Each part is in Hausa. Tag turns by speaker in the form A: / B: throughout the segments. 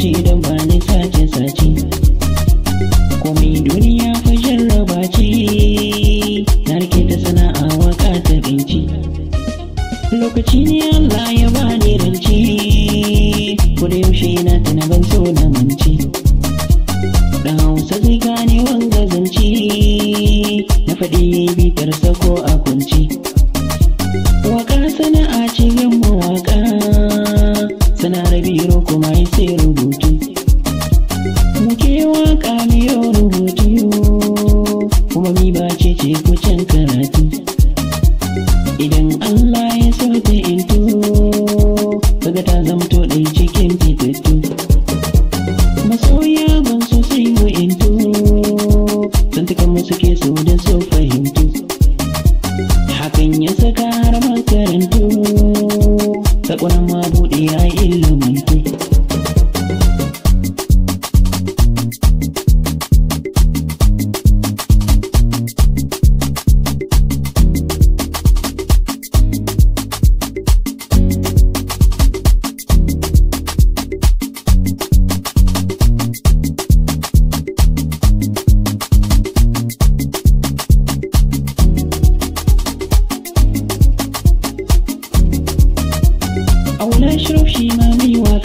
A: ce idan ba ni sace sace komai duniya fa jarraba ce na rike da sana'a waka ta binci lokaci ne Allah ya bani rance ko da yaushe na tana ban so na mance da hausa zai gane wanga zance na faɗi bitar sako a kunci mai se rubutu muke waka miyo rubutu kuma mi ba ce ce kucin karatu idan Allah ya so ta into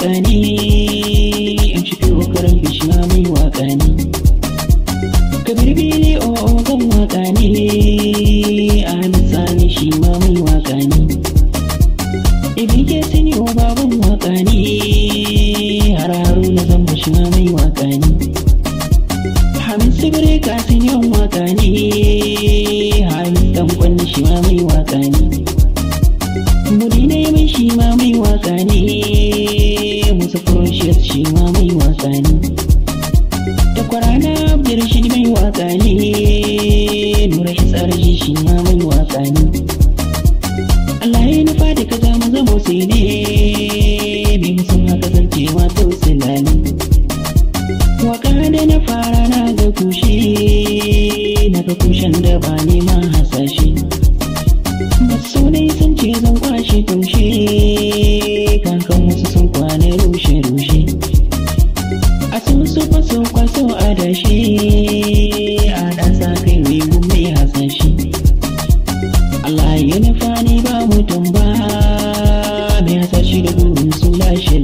A: waka ne in ciki wakaran bishina mai waka ne kabir ne o oh, kan oh, waka ne ahmed sani shi ma mai waka ne ibi ke sani o oh, baban waka ne na zamba shi bishina mai waka ne hamid sigire ka sani yan waka ne hamid dan kwanne shi ma mai waka ne Mudinai mai shi ma mai waka ne sa Precious shi ma mai wasa ne Takwara na Abdul Rashid mai wasa ne Nura shi tsara shi shi ma shi da gudu sun lashe